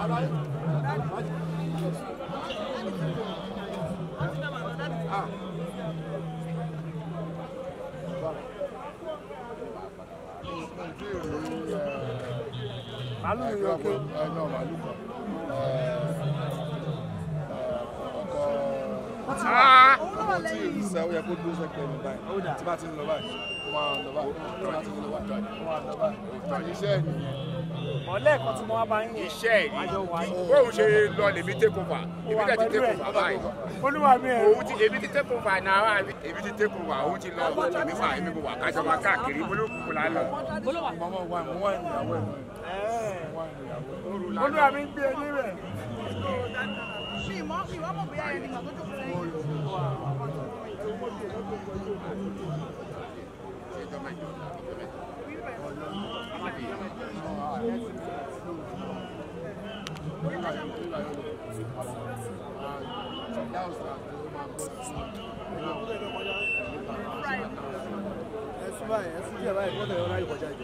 màálù ni o ké. ẹ náà màálù kan ah! ọkọ tí ìsẹ ó yẹ kó dúró sẹpẹ mi báyìí tí bá ti àmọ́ lẹ́ẹ̀kan tí mo wá bá ń yẹn iṣẹ́ ẹ̀ bóun ṣe lọ lèmi take over èmi náà ti take over báyìí olúwa mi ẹ̀ òun ti èmi ti take over náírà èmi ti take over òun ti lọ èmi wà èmi wà kájọ máa káàkiri olókùnkùn là lọ. olúwa mi ń gbé ẹni rẹ̀. mi mọ́ ẹ̀sùn báyìí ẹ̀sùn díẹ̀ báyìí wọ́n tẹ̀lé ọ̀nà ìkọjá jẹ.